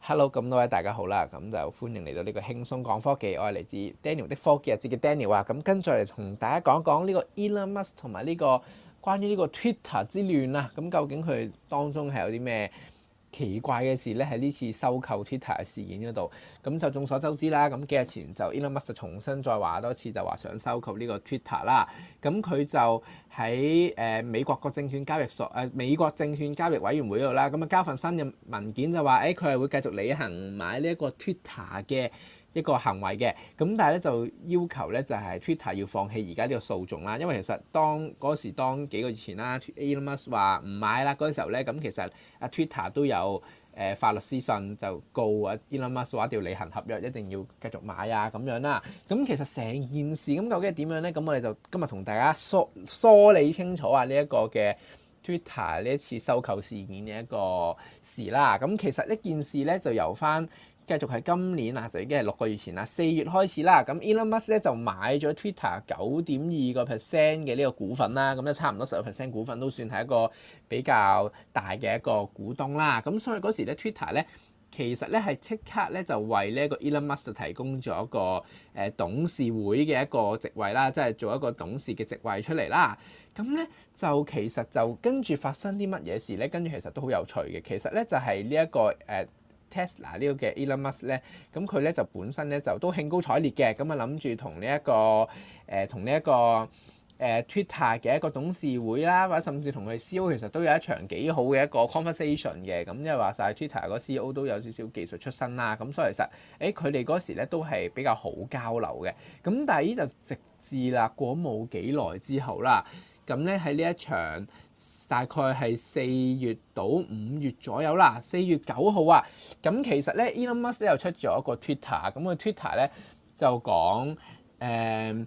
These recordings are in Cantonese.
Hello，咁多位大家好啦，咁就歡迎嚟到呢個輕鬆講科技，我係嚟自 Daniel 的科技日誌嘅 Daniel 啊，咁跟住嚟同大家講講呢個 Elon Musk 同埋呢個關於呢個 Twitter 之亂啊，咁究竟佢當中係有啲咩奇怪嘅事咧，喺呢次收購 Twitter 事件嗰度，咁就眾所周知啦。咁幾日前就 Elon Musk 就重新再話多次，就話想收購呢個 Twitter 啦。咁佢就喺誒、呃、美國個證券交易所誒、呃、美國證券交易委員會度啦，咁啊交份新嘅文件就話，誒佢係會繼續履行買呢一個 Twitter 嘅。一個行為嘅，咁但係咧就要求咧就係、是、Twitter 要放棄而家呢個訴訟啦，因為其實當嗰時當幾個月前啦，Elon Musk 話唔買啦，嗰時候咧咁其實阿 Twitter 都有誒、呃、發律師信就告啊 Elon Musk 話一定要履行合約，一定要繼續買啊咁樣啦，咁、嗯、其實成件事咁究竟係點樣咧？咁我哋就今日同大家梳梳理清楚啊呢一、這個嘅 Twitter 呢一次收購事件嘅一個事啦，咁、嗯、其實呢件事咧就由翻。繼續係今年啊，就已經係六個月前啦。四月開始啦，咁 Elon Musk 咧就買咗 Twitter 九點二個 percent 嘅呢個股份啦。咁咧差唔多十個 percent 股份都算係一個比較大嘅一個股東啦。咁所以嗰時咧，Twitter 咧其實咧係即刻咧就為呢、e、一個 Elon Musk 提供咗一個誒董事會嘅一個職位啦，即係做一個董事嘅職位出嚟啦。咁咧就其實就跟住發生啲乜嘢事咧？跟住其實都好有趣嘅。其實咧就係呢一個誒。呃 Tesla 呢個嘅 Elon Musk 咧，咁佢咧就本身咧就都興高采烈嘅，咁啊諗住同呢一個誒同呢一個誒 Twitter 嘅一個董事會啦，或者甚至同佢 CEO 其實都有一場幾好嘅一個 conversation 嘅，咁即係話晒 Twitter 嗰 CEO 都有少少技術出身啦，咁所以其實誒佢哋嗰時咧都係比較好交流嘅。咁但係依就直至啦，過冇幾耐之後啦。咁咧喺呢一場大概係四月到五月左右啦，四月九號啊，咁其實咧 Elon Musk 咧又出咗一個 Twitter，咁個 Twitter 咧就講誒。呃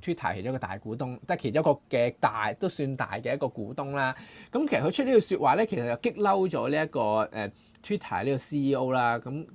Twitter 其中一個大股東，即係其中一個嘅大都算大嘅一個股東啦。咁、嗯、其實佢出句呢句説話咧，其實就激嬲咗呢一個誒、呃、Twitter 呢個 CEO 啦。咁、嗯、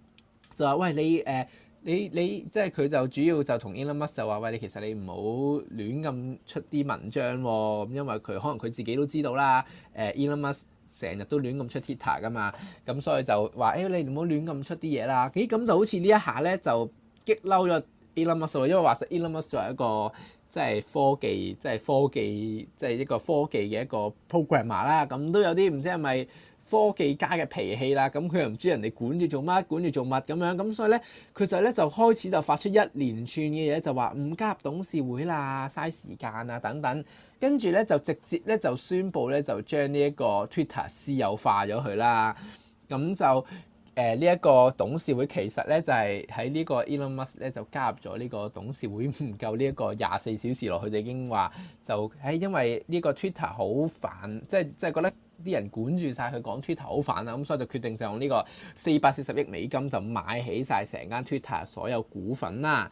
就話喂，你誒、呃、你你即係佢就主要就同 Elon Musk 就話喂，你其實你唔好亂咁出啲文章喎、啊，咁、嗯、因為佢可能佢自己都知道啦。誒、呃、Elon Musk 成日都亂咁出 Twitter 噶嘛，咁、嗯、所以就話誒、欸、你唔好亂咁出啲嘢啦。咦咁就好似呢一下咧就激嬲咗。Elon Musk 啊，因為話實 Elon Musk 作為一個即係科技，即係科技，即係一個科技嘅一個 programmer 啦。咁都有啲唔知係咪科技家嘅脾氣啦。咁佢又唔知人哋管住做乜，管住做乜咁樣。咁所以咧，佢就咧就開始就發出一連串嘅嘢，就話唔加入董事會啦，嘥時間啊等等。跟住咧就直接咧就宣布咧就將呢一個 Twitter 私有化咗佢啦。咁就。誒呢一個董事會其實咧就係喺呢個 Elon Musk 咧就加入咗呢個董事會，唔夠呢一個廿四小時落去就已經話，就誒因為呢個 Twitter 好煩，即係即係覺得啲人管住晒佢講 Twitter 好煩啊，咁所以就決定就用呢個四百四十億美金就買起晒成間 Twitter 所有股份啦。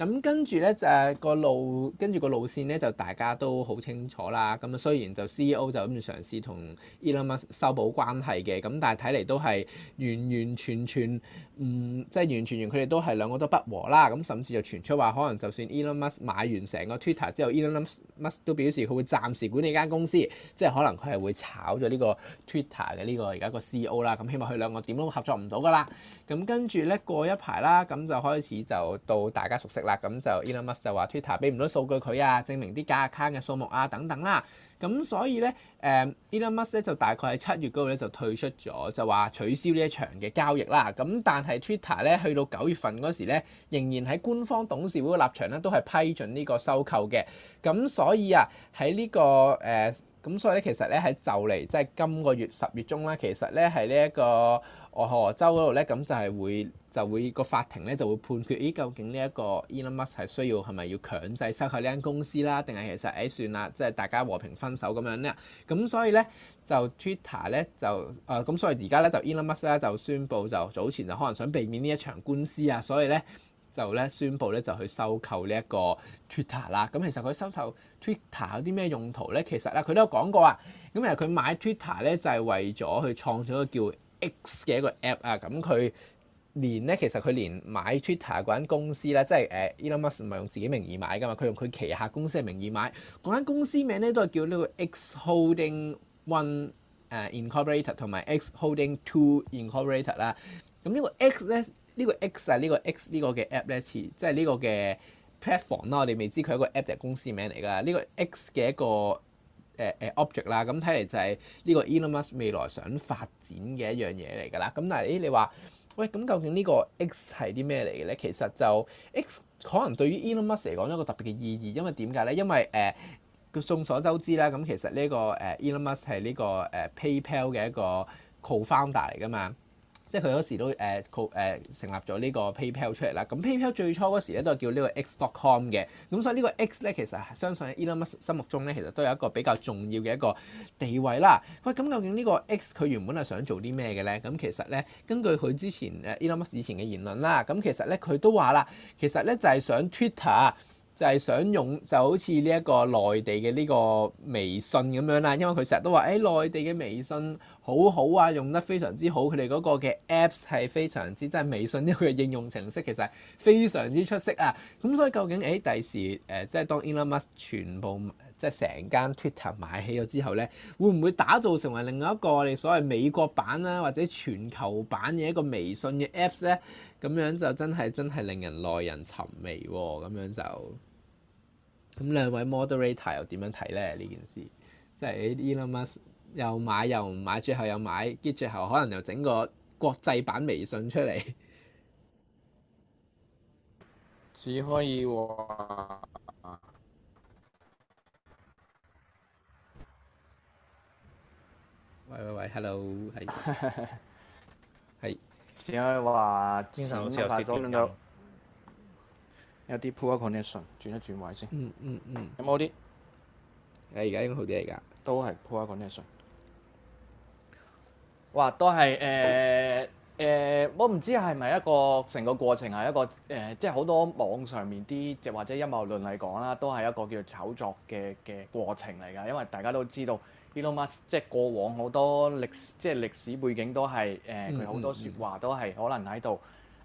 咁跟住咧，誒、就是、個路跟住個路線咧，就大家都好清楚啦。咁雖然就 CEO 就諗住嘗試同 Elon Musk 修補關係嘅，咁但係睇嚟都係完完全全唔即係完完全全佢哋都係兩個都不和啦。咁甚至就傳出話，可能就算 Elon Musk 買完成個 Twitter 之後，Elon Musk 都表示佢會暫時管理間公司，即係可能佢係會炒咗呢個 Twitter 嘅呢個而家個 CEO 啦。咁希望佢兩個點都合作唔到噶啦。咁跟住咧過一排啦，咁就開始就到大家熟悉啦。咁就 Elon Musk 就話 Twitter 俾唔到數據佢啊，證明啲假 account 嘅數目啊等等啦、啊。咁所以咧，誒、嗯、Elon Musk 咧就大概喺七月嗰度咧就退出咗，就話取消呢一場嘅交易啦。咁但係 Twitter 咧去到九月份嗰時咧，仍然喺官方董事會嘅立場咧都係批准呢個收購嘅。咁所以啊，喺呢、這個誒，咁、呃、所以咧其實咧喺就嚟即係今個月十月中啦、啊，其實咧係呢一、這個。河州嗰度咧，咁就係會就會、個法庭咧就會判決。咦，究竟呢一個 Elon Musk 係需要係咪要強制收購呢間公司啦，定係其實誒、哎、算啦，即、就、係、是、大家和平分手咁樣咧？咁所以咧就 Twitter 咧就誒咁，啊、所以而家咧就 Elon Musk 咧就宣布就早前就可能想避免呢一場官司啊，所以咧就咧宣布咧就去收購呢一個 Twitter 啦。咁其實佢收購 Twitter 有啲咩用途咧？其實咧佢都有講過啊。咁其實佢買 Twitter 咧就係、是、為咗去創造一個叫。X 嘅一個 app 啊、嗯，咁佢連咧，其實佢連買 Twitter 嗰間公司咧，即係誒 Elon Musk 唔係用自己名義買㗎嘛，佢用佢旗下公司嘅名義買。嗰間公司名咧都係叫呢個 X Holding One 誒、uh、Incorporated 同埋 X Holding Two Incorporated 啦、嗯。咁呢個 X 咧，呢個 X 係呢個 X 呢、呢個嘅 app 咧，似即係呢個嘅 platform 啦。我哋未知佢有個 app 定公司名嚟㗎。呢、呢個 X 嘅一個誒誒、呃、object 啦，咁睇嚟就係呢個 Elon Musk 未來想發展嘅一樣嘢嚟㗎啦。咁但係咦、欸，你話喂，咁究竟呢個 X 係啲咩嚟嘅咧？其實就 X 可能對於 Elon Musk 嚟講有一個特別嘅意義，因為點解咧？因為佢、呃、眾所周知啦。咁其實呢個誒、呃、Elon Musk 係呢個誒、呃、PayPal 嘅一個 co-founder 嚟㗎嘛。即係佢嗰時都誒佢誒成立咗呢個 PayPal 出嚟啦，咁 PayPal 最初嗰時咧都係叫呢個 X.com 嘅，咁所以呢個 X 咧其實相信喺、e、Elon Musk 心目中咧其實都有一個比較重要嘅一個地位啦。喂，咁究竟呢個 X 佢原本係想做啲咩嘅咧？咁其實咧根據佢之前誒 Elon Musk 以前嘅言論啦，咁其實咧佢都話啦，其實咧就係、是、想 Twitter。就係想用就好似呢一個內地嘅呢個微信咁樣啦，因為佢成日都話誒、欸、內地嘅微信好好啊，用得非常之好，佢哋嗰個嘅 Apps 係非常之即係微信呢個應用程式其實係非常之出色啊。咁所以究竟誒第、欸、時誒、呃、即係當 Elon Musk 全部即係成間 Twitter 買起咗之後咧，會唔會打造成為另外一個我哋所謂美國版啦、啊、或者全球版嘅一個微信嘅 Apps 咧？咁樣就真係真係令人耐人尋味喎，咁樣就～咁兩位 moderator 又點樣睇咧呢件事？即係 Elon Musk 又買又唔買，最後又買，跟住之後可能又整個國際版微信出嚟。 只可以話，喂喂喂，hello，係， 係，只可以話，經常都話都能夠。 有啲 poor connection，轉一轉位先。嗯嗯嗯。嗯嗯有冇啲？誒而家應該好啲嚟噶，都係 poor connection。哇！都係誒誒，我唔知係咪一個成個過程係一個誒、呃，即係好多網上面啲，即或者陰謀論嚟講啦，都係一個叫炒作嘅嘅過程嚟噶。因為大家都知道，Elon Musk 即係過往好多歷即係歷史背景都係誒，佢、呃、好多説話都係可能喺度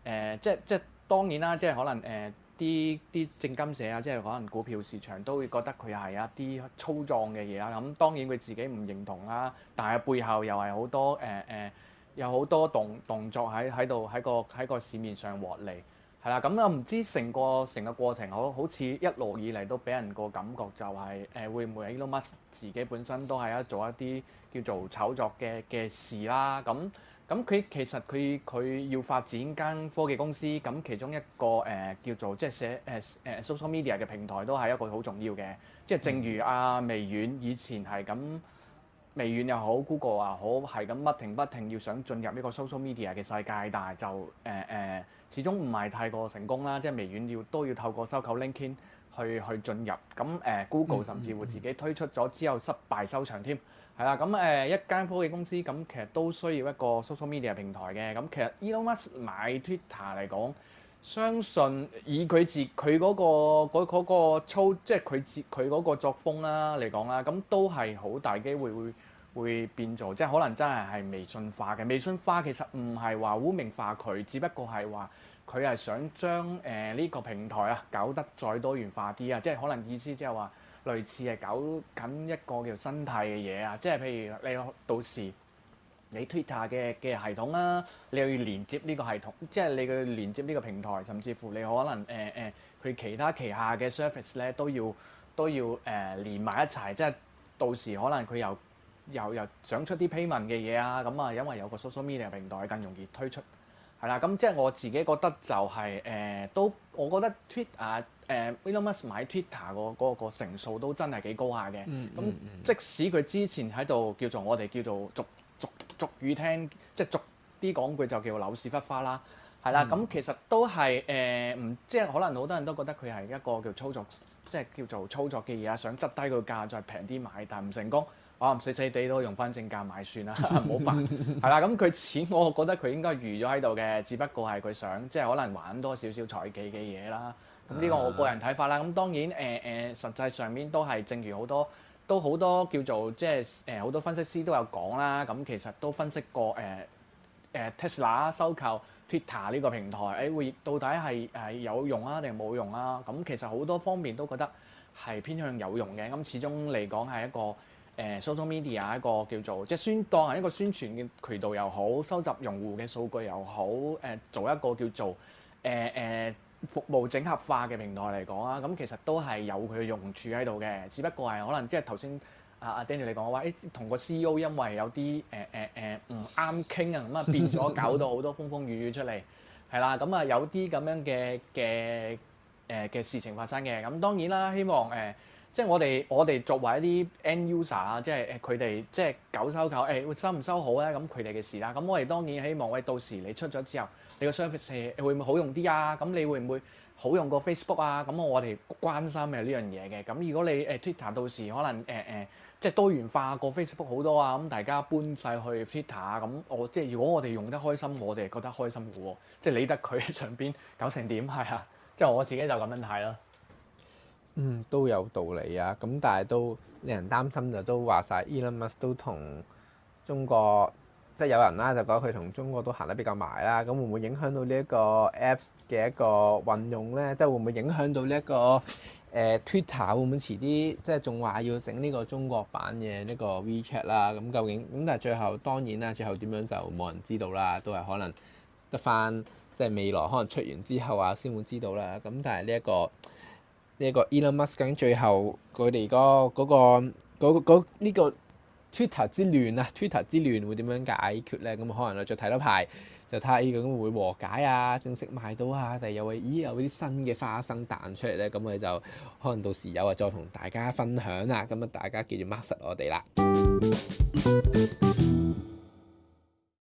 誒，即即當然啦，即係可能誒。呃啲啲證金社啊，即係可能股票市場都會覺得佢係一啲操縱嘅嘢啦。咁當然佢自己唔認同啦，但係背後又係好多誒誒、呃呃，有好多動動作喺喺度喺個喺個市面上獲利，係啦。咁我唔知成個成個過程，好好似一路以嚟都俾人個感覺就係、是、誒會唔會 Elon Musk，自己本身都係一做一啲叫做炒作嘅嘅事啦。咁、嗯。咁佢其實，佢佢要發展間科技公司，咁其中一個誒、呃、叫做即係寫誒誒 social media 嘅平台都係一個好重要嘅，即係正如阿、啊、微軟以前係咁，微軟又好 Google 又好係咁、嗯、不停不停要想進入呢個 social media 嘅世界，但係就誒誒、呃呃、始終唔係太過成功啦，即係微軟要都要透過收購 LinkedIn。去去進入咁誒、嗯、Google 甚至會自己推出咗之後失敗收場添，係啦，咁誒一間科技公司咁、嗯、其實都需要一個 social media 平台嘅。咁、嗯、其實 Elon Musk 買 Twitter 嚟講，相信以佢自佢嗰、嗰個嗰個操，即係佢自佢嗰個作風啦嚟講啦，咁、嗯、都係好大機會會會變做，即係可能真係係微信化嘅，微信化其實唔係話污名化佢，只不過係話。佢係想將誒呢個平台啊，搞得再多元化啲啊，即係可能意思即係話類似係搞緊一個叫生態嘅嘢啊，即係譬如你到時你 Twitter 嘅嘅系統啦，你要連接呢個系統，即係你要連接呢個平台，甚至乎你可能誒誒佢其他旗下嘅 service 咧都要都要誒、呃、連埋一齊，即係到時可能佢又又又想出啲 payment 嘅嘢啊，咁啊，因為有個 social media 平台更容易推出。係啦，咁即係我自己覺得就係、是、誒、呃，都我覺得 Twi 啊、呃，誒 Elon Musk 買 Twitter、那個嗰、那個、成數都真係幾高下嘅。咁、嗯嗯嗯、即使佢之前喺度叫做我哋叫做俗俗俗語聽，即係俗啲講句就叫柳屎忽花啦。係啦，咁其實都係誒，唔、呃、即係可能好多人都覺得佢係一個叫操作，即係叫做操作嘅嘢啊，想執低個價再平啲買，但係唔成功。我唔死死哋都用翻正價買算啦，冇辦法係啦。咁佢 錢，我覺得佢應該預咗喺度嘅，只不過係佢想即係、就是、可能玩多少少財技嘅嘢啦。咁呢個我個人睇法啦。咁當然誒誒、呃呃，實際上面都係正如好多都好多叫做即係誒好多分析師都有講啦。咁其實都分析過誒誒、呃呃、Tesla 收購 Twitter 呢個平台誒會、欸、到底係係有用啊定冇用啊？咁其實好多方面都覺得係偏向有用嘅。咁始終嚟講係一個。誒、uh, social media 一個叫做即係宣當一個宣傳嘅渠道又好，收集用戶嘅數據又好，誒做一個叫做誒誒、呃呃、服務整合化嘅平台嚟講啊，咁其實都係有佢嘅用處喺度嘅，只不過係可能即係頭先阿阿 Daniel 嚟講話，誒、欸、同個 CEO 因為有啲誒誒誒唔啱傾啊，咁、呃、啊、呃嗯、變咗搞到好多風風雨雨出嚟，係 啦，咁啊有啲咁樣嘅嘅誒嘅事情發生嘅，咁當然啦，希望誒。呃即係我哋，我哋作為一啲 end user 啊，即係誒佢哋即係搞收購，誒收唔收好咧？咁佢哋嘅事啦。咁我哋當然希望，喂到時你出咗之後，你個 service 會唔會好用啲啊？咁你會唔會好用過 Facebook 啊？咁我哋關心係呢樣嘢嘅。咁如果你誒 Twitter、呃、到時可能誒誒、呃呃、即係多元化過 Facebook 好多啊，咁大家搬晒去 Twitter 啊，咁我即係如果我哋用得開心，我哋係覺得開心嘅喎、哦。即係理得佢喺 上邊搞成點係啊？ 即係我自己就咁樣睇啦。嗯，都有道理啊。咁但係都令人擔心就都話晒。Elon Musk 都同中國即係有人啦，就覺得佢同中國都行得比較埋啦。咁會唔會影響到呢一個 Apps 嘅一個運用咧？即係會唔會影響到呢、這、一個誒、呃、Twitter 會唔會遲啲？即係仲話要整呢個中國版嘅呢個 WeChat 啦。咁究竟咁？但係最後當然啦，最後點樣就冇人知道啦。都係可能得翻即係未來可能出完之後啊，先會知道啦。咁但係呢一個。呢一個 Elon Musk 最後佢哋、那個嗰、那個呢、那個 Twitter、那個這個、之亂啊，Twitter 之亂會點樣解決呢？咁可能我再睇多排，就睇下呢個會和解啊，正式賣到啊，但係有冇咦有啲新嘅花生蛋出嚟呢。咁我哋就可能到時有啊，再同大家分享啦。咁啊，大家記住 mask 我哋啦。